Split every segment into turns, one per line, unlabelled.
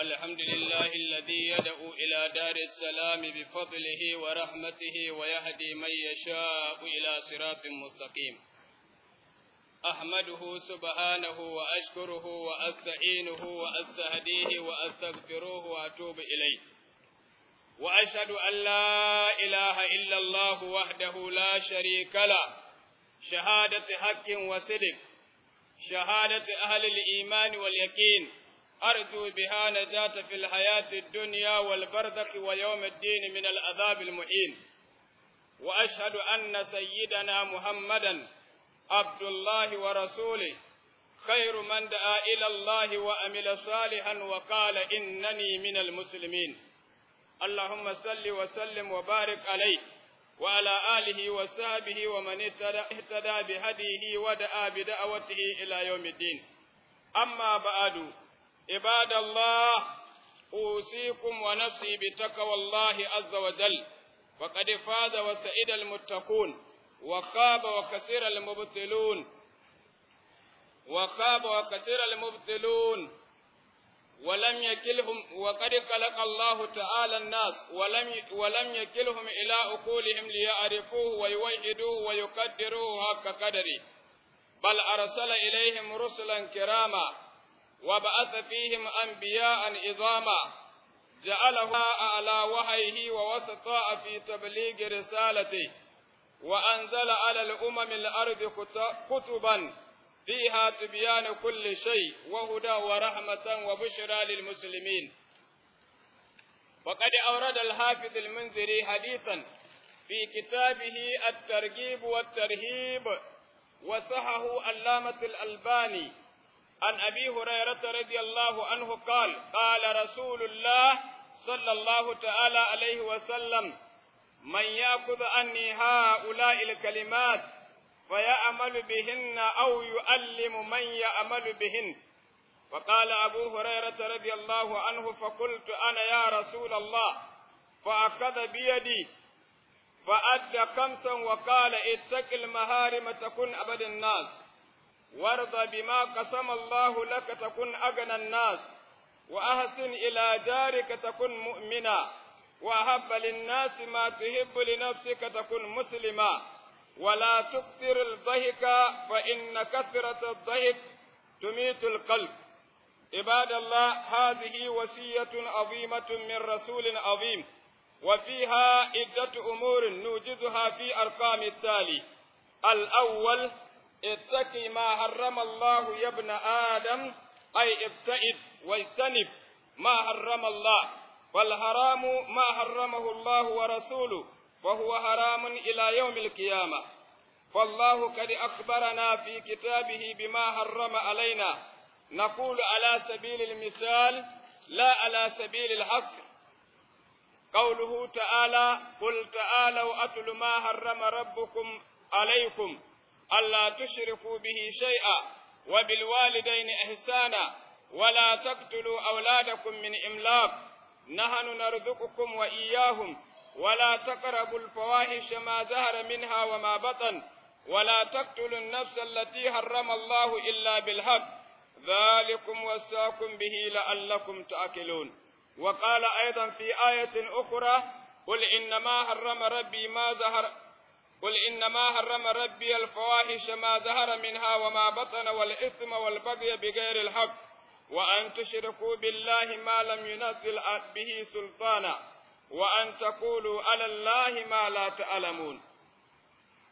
الحمد لله الذي يدعو إلى دار السلام بفضله ورحمته ويهدي من يشاء إلى صراط مستقيم أحمده سبحانه وأشكره وأستعينه وأستهديه وأستغفره وأتوب إليه وأشهد أن لا إله إلا الله وحده لا شريك له شهادة حق وصدق شهادة أهل الإيمان واليقين أرجو بها نجاة في الحياة الدنيا والبرزخ ويوم الدين من الأذاب المهين وأشهد أن سيدنا محمدا عبد الله ورسوله خير من دعا إلى الله وأمل صالحا وقال إنني من المسلمين اللهم صل وسلم وبارك عليه وعلى آله وصحبه ومن اهتدى بهديه ودعا بدعوته إلى يوم الدين أما بعد عباد الله أوصيكم ونفسي بتقوى الله عز وجل وقد فاز وسعد المتقون وخاب وخسر المبطلون وخاب وخسر المبطلون ولم يكلهم وقد خلق الله تعالى الناس ولم ولم يكلهم إلى عقولهم ليعرفوه ويوحدوه ويقدروه حق قدره بل أرسل إليهم رسلا كراما وبعث فيهم أنبياء عظاما جعله على وحيه ووسطاء في تبليغ رسالته وأنزل على الأمم الأرض كتبا فيها تبيان كل شيء وهدى ورحمة وبشرى للمسلمين وقد أورد الحافظ المنذري حديثا في كتابه الترغيب والترهيب وصحه اللامة الألباني عن أبي هريرة رضي الله عنه قال قال رسول الله صلى الله تعالى عليه وسلم من يأخذ عني هؤلاء الكلمات فيأمل بهن أو يؤلم من يأمل بهن وقال أبو هريرة رضي الله عنه فقلت أنا يا رسول الله فأخذ بيدي فأدى خمسا وقال اتق المهارم تكن أبد الناس وارض بما قسم الله لك تكن أغنى الناس وأحسن إلى جارك تكن مؤمنا وأحب للناس ما تحب لنفسك تكن مسلما ولا تكثر الضحك فإن كثرة الضحك تميت القلب عباد الله هذه وصية عظيمة من رسول عظيم وفيها عدة أمور نوجدها في أرقام التالي الأول اتقي ما حرم الله يا ابن آدم أي ابتعد واجتنب ما حرم الله والحرام ما حرمه الله ورسوله وهو حرام إلى يوم القيامة فالله قد أخبرنا في كتابه بما حرم علينا نقول على سبيل المثال لا على سبيل الحصر قوله تعالى قل تعالوا أتل ما حرم ربكم عليكم ألا تشركوا به شيئا وبالوالدين إحسانا ولا تقتلوا أولادكم من إملاق نحن نرزقكم وإياهم ولا تقربوا الفواحش ما ظهر منها وما بطن ولا تقتلوا النفس التي حرم الله إلا بالحق ذلكم وساكم به لعلكم تأكلون وقال أيضا في آية أخرى قل إنما حرم ربي ما ظهر قل إنما حرم ربي الفواحش ما ظهر منها وما بطن والإثم والبغي بغير الحق وأن تشركوا بالله ما لم ينزل به سلطانا وأن تقولوا على الله ما لا تعلمون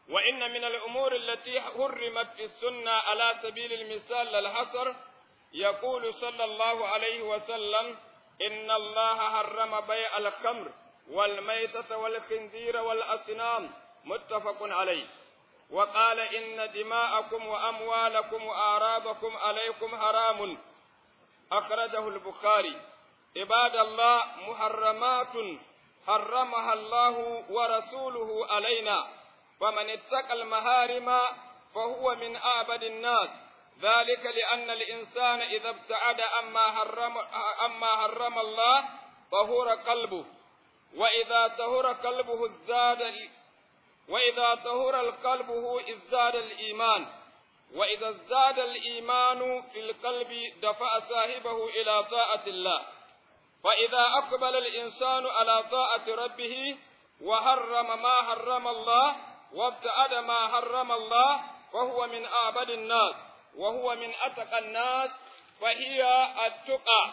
وإن من الأمور التي حرمت في السنة على سبيل المثال للحصر يقول صلى الله عليه وسلم إن الله حرم بيع الخمر والميتة والخنزير والأصنام متفق عليه وقال إن دماءكم وأموالكم وآرابكم عليكم حرام أخرجه البخاري عباد الله محرمات حرمها الله ورسوله علينا ومن اتقى المهارم فهو من أعبد الناس ذلك لأن الإنسان إذا ابتعد أما حرم, أما حرم الله طهور قلبه وإذا طهر قلبه ازداد وإذا طهر القلب هو ازداد الإيمان وإذا ازداد الإيمان في القلب دفع صاحبه إلى طاعة الله فإذا أقبل الإنسان على طاعة ربه وحرم ما حرم الله وابتعد ما حرم الله فهو من أعبد الناس وهو من أتقى الناس فهي التقى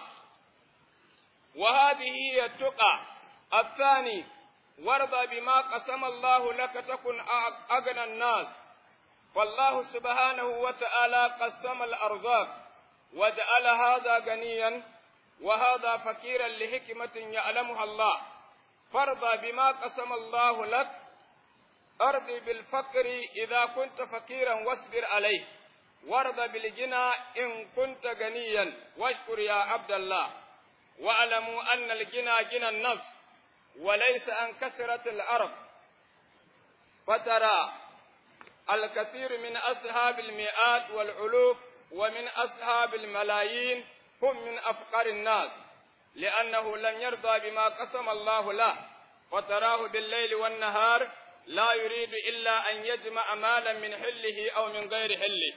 وهذه هي التقى الثاني وارضى بما قسم الله لك تكن أغنى الناس فالله سبحانه وتعالى قسم الأرزاق وجعل هذا غنيا وهذا فقيرا لحكمة يعلمها الله فارضى بما قسم الله لك أرضي بالفقر إذا كنت فقيرا واصبر عليه وارضى بالجنى إن كنت غنيا واشكر يا عبد الله واعلموا أن الجنى جنى النفس وليس انكسرت كثرة فترى الكثير من أصحاب المئات والعلوف ومن أصحاب الملايين هم من أفقر الناس لأنه لم يرضى بما قسم الله له وتراه بالليل والنهار لا يريد إلا أن يجمع مالا من حله أو من غير حله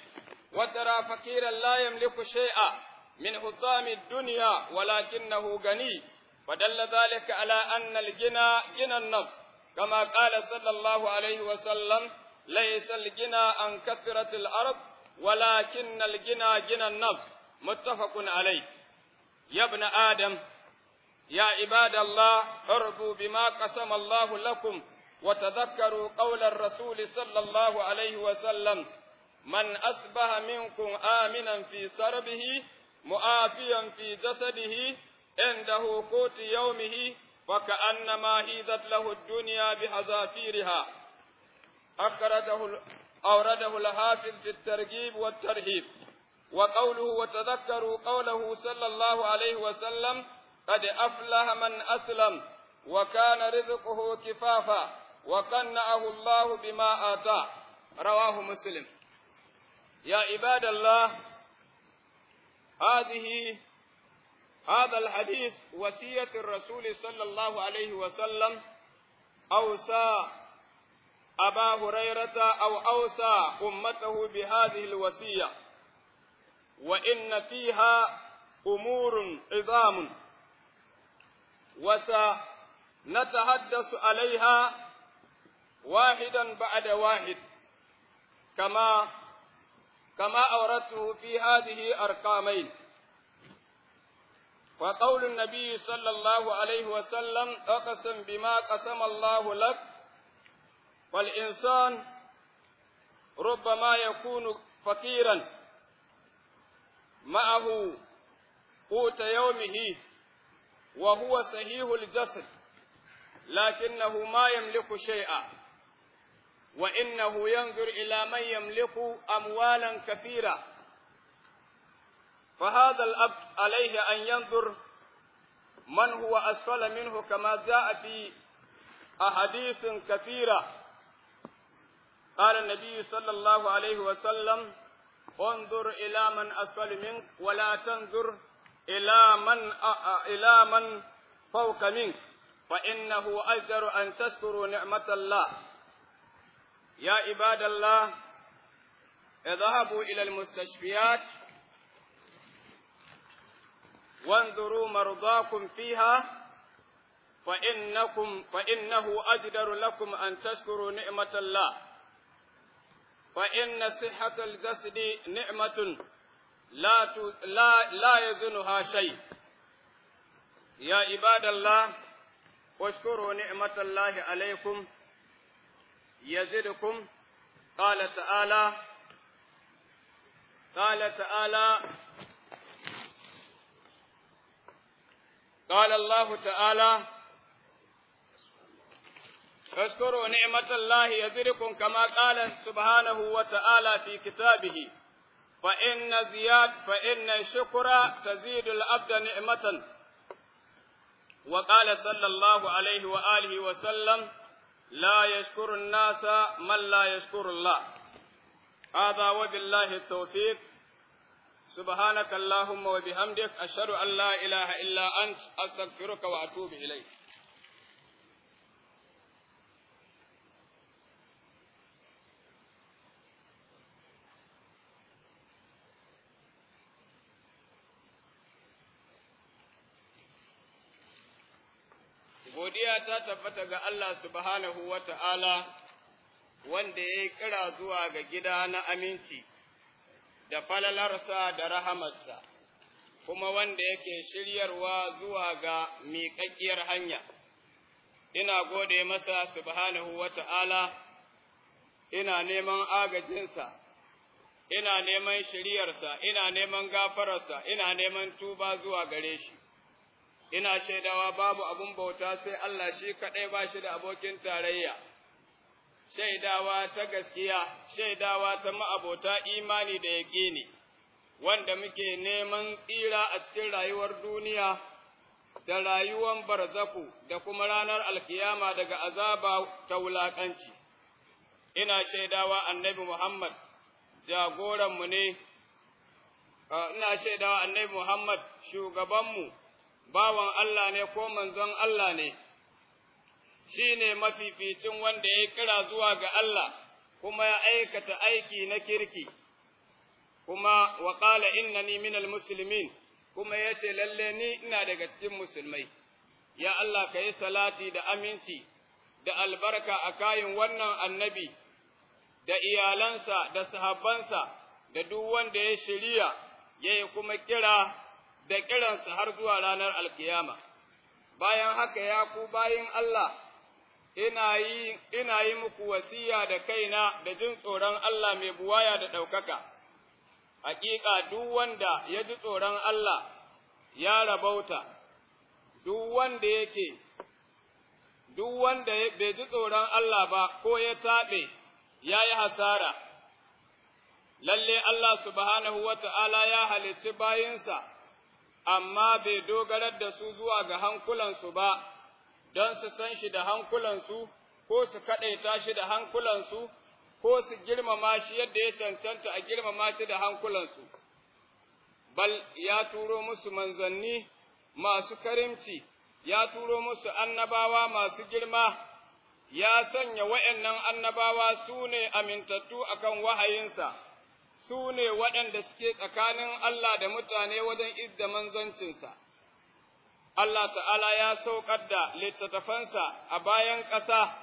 وترى فقيرا لا يملك شيئا من حطام الدنيا ولكنه غني فدل ذلك على أن الجنى جنى النفس كما قال صلى الله عليه وسلم ليس الجنى أن كثرة الأرض ولكن الجنى جنى النفس متفق عليه يا ابن آدم يا عباد الله اربوا بما قسم الله لكم وتذكروا قول الرسول صلى الله عليه وسلم من أصبح منكم آمنا في سربه مؤافيا في جسده عنده قوت يومه فكأنما هيذت له الدنيا بحذافيرها أخرجه أورده الحافظ في الترغيب والترهيب وقوله وتذكروا قوله صلى الله عليه وسلم قد أفلح من أسلم وكان رزقه كفافا وقنعه الله بما آتاه رواه مسلم يا عباد الله هذه هذا الحديث وصية الرسول صلى الله عليه وسلم أوصى أبا هريرة أو أوصى أمته بهذه الوصية وإن فيها أمور عظام وسنتحدث عليها واحدا بعد واحد كما كما أوردته في هذه أرقامين وقول النبي صلى الله عليه وسلم اقسم بما قسم الله لك والإنسان ربما يكون فقيرا معه قوت يومه وهو سهيه الجسد لكنه ما يملك شيئا وإنه ينظر إلى من يملك أموالا كثيرة فهذا الأب عليه أن ينظر من هو أسفل منه كما جاء في أحاديث كثيرة قال النبي صلى الله عليه وسلم انظر إلى من أسفل منك ولا تنظر إلى من إلى من فوق منك فإنه أجدر أن تشكروا نعمة الله يا عباد الله اذهبوا إلى المستشفيات وانظروا مرضاكم فيها فإنكم فإنه أجدر لكم أن تشكروا نعمة الله فإن صحة الجسد نعمة لا لا لا يزنها شيء يا عباد الله واشكروا نعمة الله عليكم يزدكم قال تعالى قال تعالى قال الله تعالى اذكروا نعمة الله يزركم كما قال سبحانه وتعالى في كتابه فإن زياد فإن الشكر تزيد العبد نعمة وقال صلى الله عليه وآله وسلم لا يشكر الناس من لا يشكر الله هذا وبالله التوفيق سبحانك اللهم وبحمدك أشهد أن لا إله إلا أنت أستغفرك وأتوب إليك Godiya ta tabbata ga Allah subhanahu wa ta'ala wanda ya yi kira zuwa ga gida na aminci. da falalarsa da rahamarsa, kuma wanda yake shiryarwa zuwa ga miƙaƙƙiyar hanya. Ina gode masa subhanahu wa ta'ala, ina neman agajinsa, ina neman shiryarsa, ina neman gafararsa, ina neman tuba zuwa gare shi. Ina shaidawa babu abin bauta sai Allah shi kaɗai ba shi da abokin tarayya. shaidawa ta gaskiya, shaidawa ta ma'abota imani da yaƙini, wanda muke neman tsira a cikin rayuwar duniya da rayuwar barzaku da kuma ranar alkiyama daga azaba ta wulaƙanci. Ina shaidawa annabi Muhammad, jagoranmu ne, ah, ina shaidawa annabi Muhammad shugabanmu, bawan Allah ne ko manzon Allah ne. Shi ne mafificin wanda ya kira zuwa ga Allah kuma ya aikata aiki na kirki kuma wa ina innani minal musulmin, kuma ya ce lalle ni ina daga cikin musulmai ya Allah ka yi salati da aminci da albarka a kayin wannan annabi da iyalansa da sahabbansa da duk wanda ya shirya ya yi kuma kira da kiransa har zuwa ranar alkiyama bayan haka ya ku bayin Allah ina yi muku wasiya da kaina da jin tsoron Allah mai buwaya da ɗaukaka hakika duk wanda ya ji tsoron Allah ya rabauta duk wanda yake duk wanda bai ji tsoron Allah ba ko ya taɓe ya yi hasara lalle Allah subhanahu wa ta'ala ya halicci bayinsa amma bai dogarar da su zuwa ga hankulansu ba don su san shi da hankulansu ko su kaɗaita shi da hankulansu ko su girmama shi yadda ya cancanta a girmama shi da hankulansu bal ya turo musu manzanni masu karimci ya turo musu annabawa masu girma ya sanya wa'yannan annabawa su ne amintattu a kan wahayinsa su ne waɗanda suke tsakanin Allah da mutane wajen idda manzancinsa. Allah ta'ala ya saukar da littattafansa a bayan ƙasa,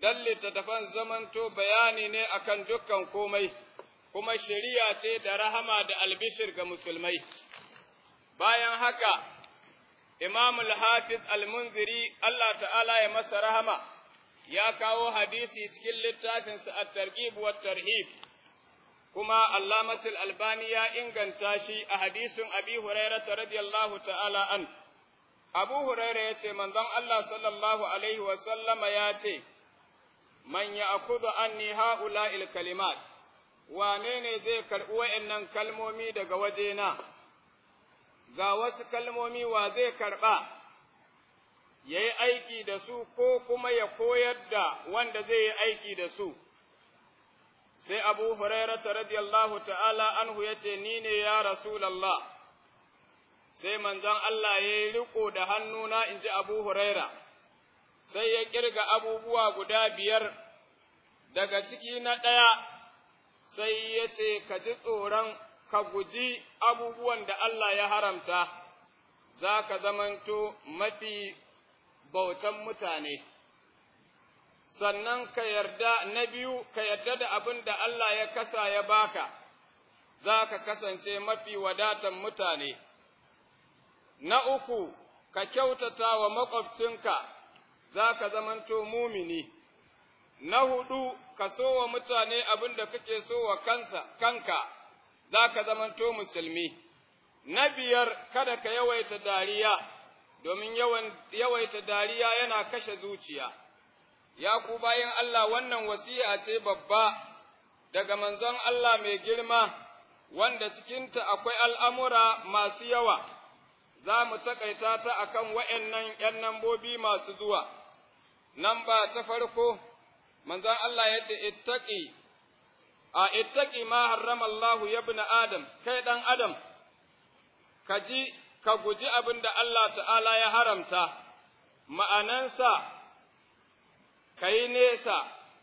don littattafan zamanto bayani ne akan dukkan komai, kuma shari'a ce da rahama da albishir ga musulmai. Bayan haka, Imam al-Hafiz al-Munziri Allah ta'ala ya masa rahama, ya kawo hadisi cikin littafinsa a targhib wa tarhib kuma Allamatul Albani ya inganta shi a hadisin Abi Hurairah radiyallahu ta'ala an. Abu Huraira ya ce, Manzon Allah sallallahu Alaihi wasallama ya ce, Man ya akudu anni ha'ula kalimat, wane ne zai karɓi wa'in kalmomi daga wajena, ga wasu kalmomi wa zai karɓa, ya yi aiki da su ko kuma ya koyar da wanda zai yi aiki da su. Sai Abu ta radiyallahu ta'ala anhu ya ce, Ni ne ya Rasulallah. sai manzon Allah ya yi riko da hannuna in ji Abu Huraira, sai ya ƙirga abubuwa guda biyar daga ciki na ɗaya, sai ya ce ka ji tsoron ka guji abubuwan da Allah ya haramta, za ka zamanto mafi bautan mutane. Sannan ka yarda na biyu, ka yarda da abin da Allah ya kasa ya baka, za ka kasance mafi wadatan mutane. na uku ka kyautata wa makwabcinka za ka zamanto mumini na hudu ka so wa mutane abin da kake so wa kansa kanka za ka zamanto musulmi na biyar kada ka yawaita dariya domin yawaita dariya yana kashe zuciya ya ku bayan Allah wannan wasi'a ce babba daga manzon Allah mai girma wanda cikinta akwai al'amura masu yawa za mu takaita ta akan wa'annan ‘yan nambobi masu zuwa, nan ba ta farko, manzan Allah ya ce, ittaki, a ittaki ma harrama ya na Adam, kai ɗan Adam, ka ji, ka guji abin da Allah ta'ala ya haramta, ma'anansa, ka yi nesa,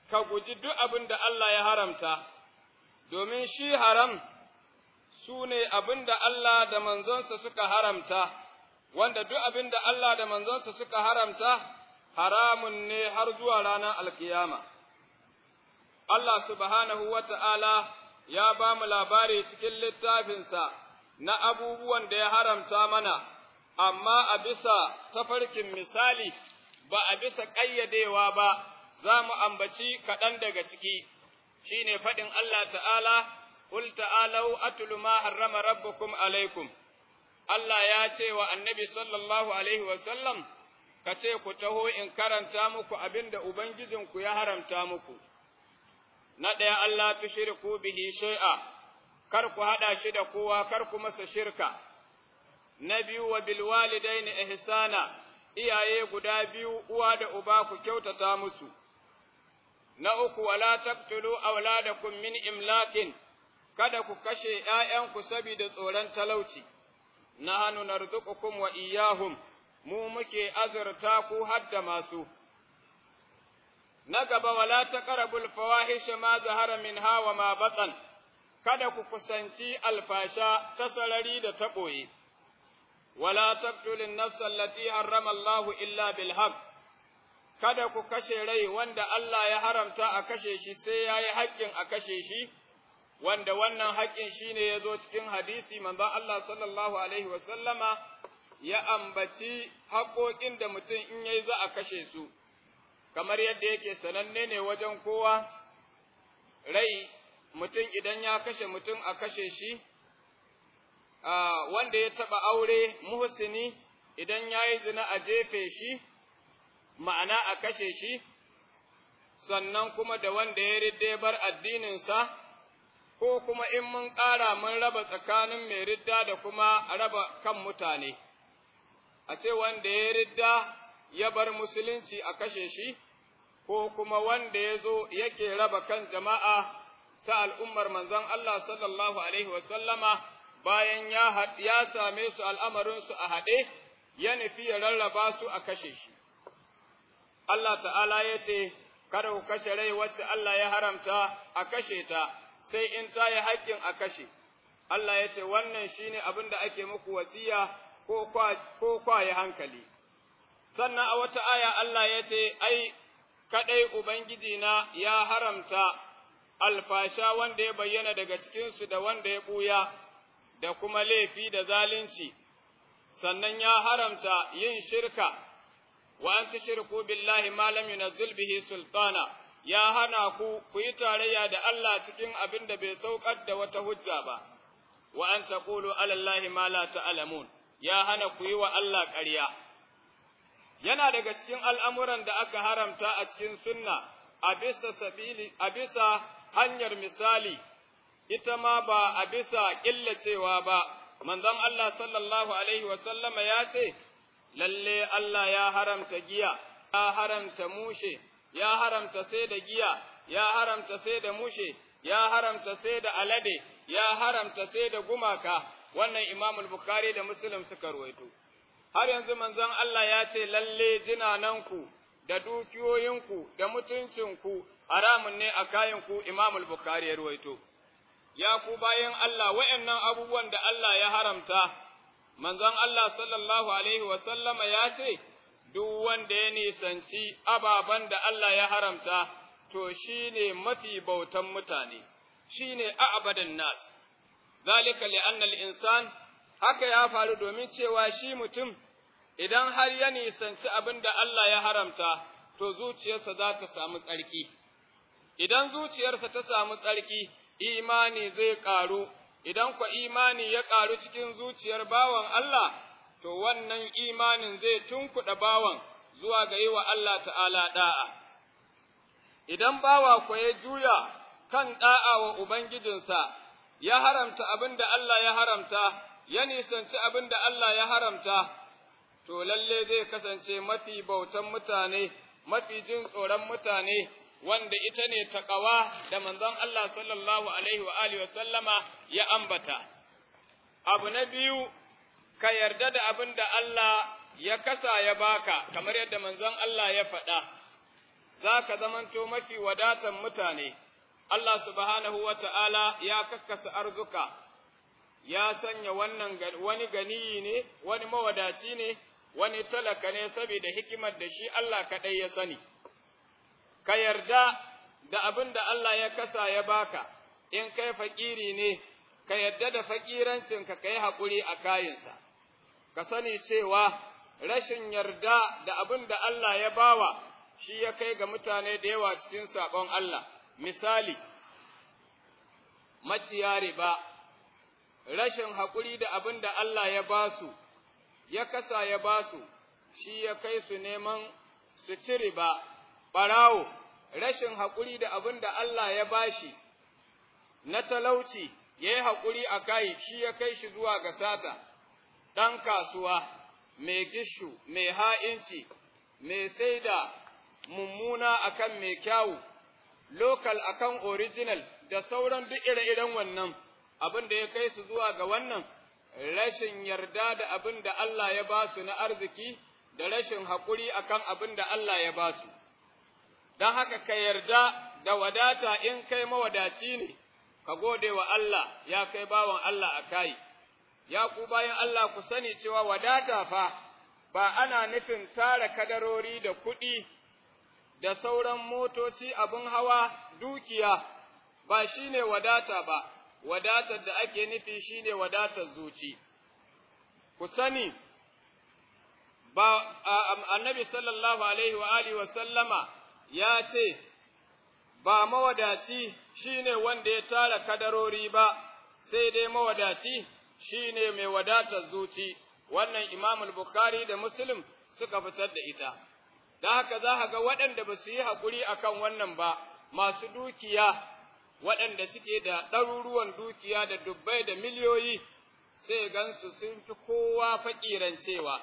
ka guji duk abin da Allah ya haramta, domin shi haram. su ne abin da Allah da manzonsa suka haramta, wanda duk abin da Allah da manzonsa suka haramta, haramun ne har zuwa ranar alkiyama. Allah subhanahu wa ta'ala ya ba mu labari cikin littafinsa na abubuwan da ya haramta mana, amma a bisa tafarkin misali ba a bisa ƙayyadewa ba, za mu ambaci kaɗan daga ciki, shi ne faɗin Allah ta'ala. qul ta'alu atlu ma harrama rabbukum alaikum Allah ya ce wa annabi sallallahu alaihi wasallam ka ce ku taho in karanta muku abinda ubangijinku ya haramta muku na ɗaya Allah tushriku bihi shay'a kar ku haɗa shi da kowa kar ku masa shirka na biyu wa bil na ihsana iyaye guda biyu uwa da uba ku kyautata musu na uku wala taqtulu awladakum min imlakin kada ku kashe ’ya'yanku saboda tsoron talauci, na hannu na wa iyahum, mu muke azurta ku hadda masu. Na gaba wala ta ƙarabul fawahisha ma zahara min hawa ma batsan, kada ku kusanci alfasha ta sarari da ta ɓoye. Wala taqtulin nafsan lati harrama Allahu illa bil kada ku kashe rai wanda Allah ya haramta a kashe shi sai ya yi haƙƙin a kashe shi, wanda wannan haƙƙin shi ne ya zo cikin hadisi manzon Allah sallallahu alaihi wasallama ya ambaci haƙoƙin da mutum in yayi za a kashe su kamar yadda yake sananne ne wajen kowa rai mutum idan ya kashe mutum a kashe shi wanda ya taɓa aure muhsini idan ya yi zina a jefe shi ma'ana a kashe shi sannan kuma da wanda ya ridde bar addininsa ko kuma in mun ƙara mun raba tsakanin mai ridda da kuma raba kan mutane, a ce wanda ya ridda ya bar musulunci a kashe shi, ko kuma wanda ya zo yake raba kan jama'a ta al'ummar manzon Allah sallallahu Alaihi wasallama bayan ya same su al'amarinsu a haɗe, ya nufi ya rarraba su a kashe shi. Allah ta'ala ya ce, Kada ku kashe rai wacce Allah ya haramta a kashe ta. sai in ta yi haƙƙin a kashe. Allah ya ce wannan shi ne abin da ake muku wasiya ko kwa hankali. Sannan a wata aya Allah ya ce, Ai, kaɗai Ubangijina ya haramta alfasha wanda ya bayyana daga cikinsu da wanda ya ɓuya, da kuma laifi da zalunci, sannan ya haramta yin shirka, wa an shirku billahi malam na bihi sultana. ya hana ku ku yi tarayya da Allah cikin abin da bai saukar da wata hujja ba, wa an taƙulu alallahi ma la ta'alamun, ya hana ku yi wa Allah ƙarya. Yana daga cikin al'amuran da aka haramta a cikin sunna a bisa a hanyar misali, ita ma ba a bisa ƙillacewa ba, manzon Allah sallallahu Alaihi wasallama ya ce, Lalle Allah ya haramta giya, ya haramta mushe, ya haramta sai da giya ya haramta sai da mushe ya haramta sai da alade ya haramta sai da gumaka wannan imamul bukhari da muslim suka ruwaito har yanzu manzon Allah ya ce lalle jinananku da dukiyoyinku da mutuncinku haramun ne a kayanku imamul bukhari ya ruwaito ya ku bayan Allah wayannan abubuwan da Allah ya haramta manzon Allah sallallahu alaihi wa ya ce duk wanda ya nisanci ababen da Allah ya haramta, to shi ne mafi bautan mutane, shi ne a'abadin nas. Zalika li'annal insan, haka ya faru domin cewa shi mutum, idan har ya nisanci abin da Allah ya haramta, to zuciyarsa za ta samu tsarki. Idan zuciyarsa ta samu tsarki, imani zai ƙaru, idan kwa imani ya ƙaru cikin zuciyar bawan Allah, to wannan imanin zai tunkuɗa bawan zuwa ga yi wa Allah ta'ala ɗa'a. Idan bawa ko ya juya kan ɗa'a wa Ubangijinsa, ya haramta abin da Allah ya haramta, ya nisanci abin da Allah ya haramta, to lalle zai kasance mafi bautan mutane, mafi jin tsoron mutane, wanda ita ne taƙawa da manzon Allah sallallahu Alaihi wa sallama ya ambata. Abu na biyu ka yarda da abin da Allah ya kasa ya baka kamar yadda manzon Allah ya faɗa za ka zamanto mafi wadatan mutane Allah subhanahu wa ta'ala ya kakkasa arzuka ya sanya wannan wani ganiyi ne wani mawadaci ne wani talaka ne saboda hikimar da shi Allah kaɗai ya sani ka yarda da abin da Allah ya kasa ya baka in kai fakiri ne ka yarda da fakirancinka ka yi haƙuri a kayinsa. ka sani cewa rashin yarda da abin da Allah ya bawa shi ya kai ga mutane da yawa cikin saƙon Allah. Misali, maciya riba, rashin haƙuri da abin da Allah ya ba su, ya kasa ya ba su, shi ya kai su neman su ci riba, ɓarawo, rashin haƙuri da abin da Allah ya ba shi, na talauci, ya yi haƙuri a kai, shi ya kai shi zuwa ga sata. ɗan kasuwa, mai gishu, mai ha'inci, mai sai da mummuna akan mai kyawu, lokal akan original da sauran duk ire-iren wannan, abin da ya kai su zuwa ga wannan, rashin yarda da abin da Allah ya ba su na arziki da rashin haƙuri akan abin da Allah ya ba su. Don haka ka yarda da wadata in kai mawadaci ne, ka gode wa Allah ya kai bawan Allah a kai. ya ku bayan Allah ku sani cewa wadata fa ba ana nufin tara kadarori da kuɗi da sauran motoci abin hawa dukiya ba shi ne wadata ba wadatar da ake nufi shi ne wadatar zuci ku sani ba annabi sallallahu alaihi wa wa sallama ya ce ba mawadaci shine wanda ya tara kadarori ba sai dai mawadaci Shi ne mai wadatar zuci wannan Imam Bukhari da Muslim suka fitar da ita da haka za ka ga waɗanda ba su yi hakuri akan wannan ba masu dukiya waɗanda suke da ɗaruruwan dukiya da dubbai da miliyoyi sai gansu sun fi kowa cewa,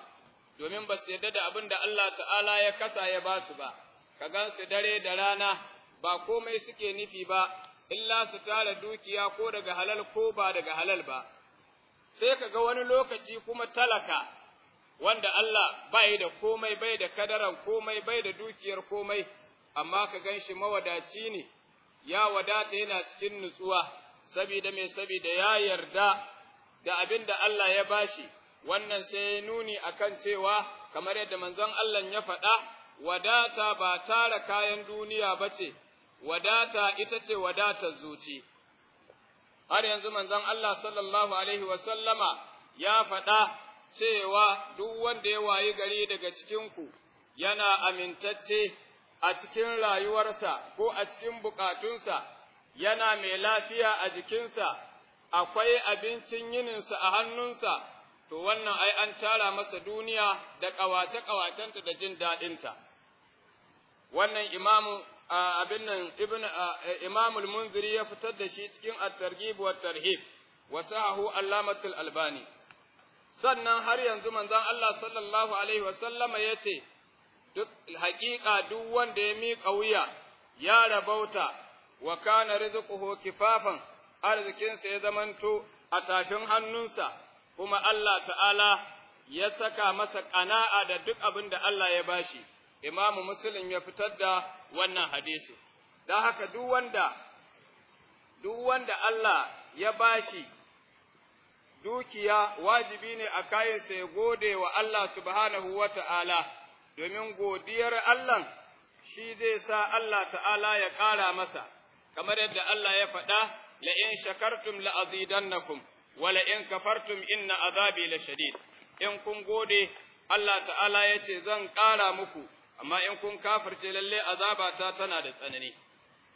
domin ba su yarda da abin da Allah ta'ala ya kasa ya ba su ba ka gansu dare da rana ba komai suke nufi ba illa su tara dukiya ko daga halal ko ba daga halal ba sai ka ga wani lokaci kuma talaka wanda Allah bai da komai bai da kadaran komai bai da dukiyar komai amma ka gan shi mawadaci ne ya wadata yana cikin nutsuwa sabida mai sabida ya yarda da abin da Allah ya bashi wannan sai ya nuni a kan cewa kamar yadda manzon Allah ya faɗa wadata ba tara kayan duniya bace wadata ita ce wadatar zuci har yanzu manzon Allah sallallahu alaihi wa sallama ya faɗa cewa duk wanda ya wayi gari daga cikinku yana amintacce a cikin rayuwarsa ko a cikin bukatunsa yana mai lafiya a jikinsa akwai abincin yininsa a hannunsa to wannan ai an tara masa duniya da ƙawace-ƙawacenta da jin daɗinta. Wannan imamu abin nan ibn e, Imam munziri ya fitar da shi cikin at-Targhib wa tarhib wa sahahu Allamatul Albani sannan har yanzu manzon Allah sallallahu alaihi wa sallama yace duk haƙiƙa duk wanda ya miƙa wuya ya rabauta wa kana rizquhu kifafan arzikinsa ya zamanto a tafin hannunsa kuma Allah ta'ala ya saka masa ƙana'a da duk abinda Allah ya bashi imamu muslim ya fitar da wannan hadisi don haka duk wanda duk wanda Allah ya bashi dukiya wajibi ne a kayansa ya gode wa Allah subhanahu wa ta'ala domin godiyar Allah shi zai sa Allah ta'ala ya ƙara masa kamar yadda Allah ya faɗa la'in shakartum la'azidannakum wa la'in kafartum inna azabi la shadid in kun gode Allah ta'ala ya ce zan ƙara muku amma in kun kafirce lalle azaba ta tana da tsanani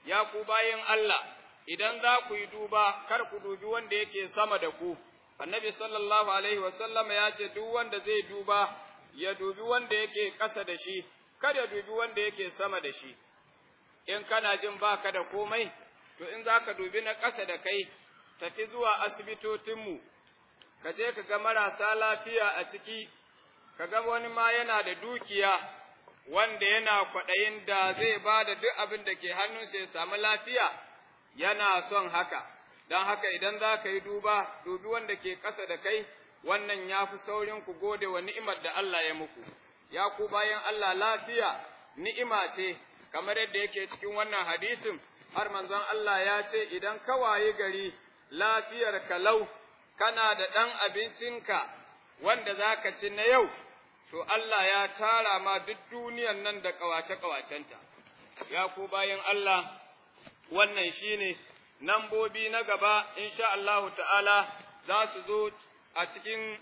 ya ku bayin Allah idan za ku yi duba kar ku dubi wanda yake sama da ku annabi sallallahu alaihi wasallam ya ce duk wanda zai duba ya dubi wanda yake ƙasa da shi Kar ya dubi wanda yake sama da shi in kana jin baka da komai to in za ka dubi na ƙasa da kai tafi zuwa asibitotinmu ka je ka ga marasa lafiya a ciki ka ga wani ma yana da dukiya wanda yana kwaɗayin da zai ba da duk abin da ke hannunsa ya samu lafiya yana son haka, don haka idan za ka yi duba, dubi wanda ke ƙasa da kai, wannan ya fi saurin ku gode wa ni'imar da Allah ya muku, ya ku bayan Allah lafiya ni'ima ce, kamar yadda yake cikin wannan hadisin, har manzon Allah ya ce idan ka waye gari lafiyar kalau, kana da ɗan abincinka wanda za ka ci na yau, to Allah ya tara ma duk duniyan nan da ƙawace-ƙawacenta, ya ku bayan Allah, wannan shi ne nambobi na gaba, insha Allahu ta'ala, za su zo a cikin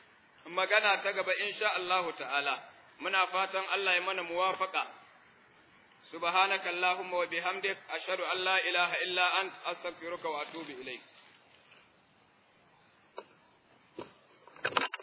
magana ta gaba, insha Allahu ta'ala, muna fatan Allah ya mana muwafaƙa. سبحانك اللهم وبحمدك أشهد أن لا إله إلا أنت أستغفرك وأتوب إليك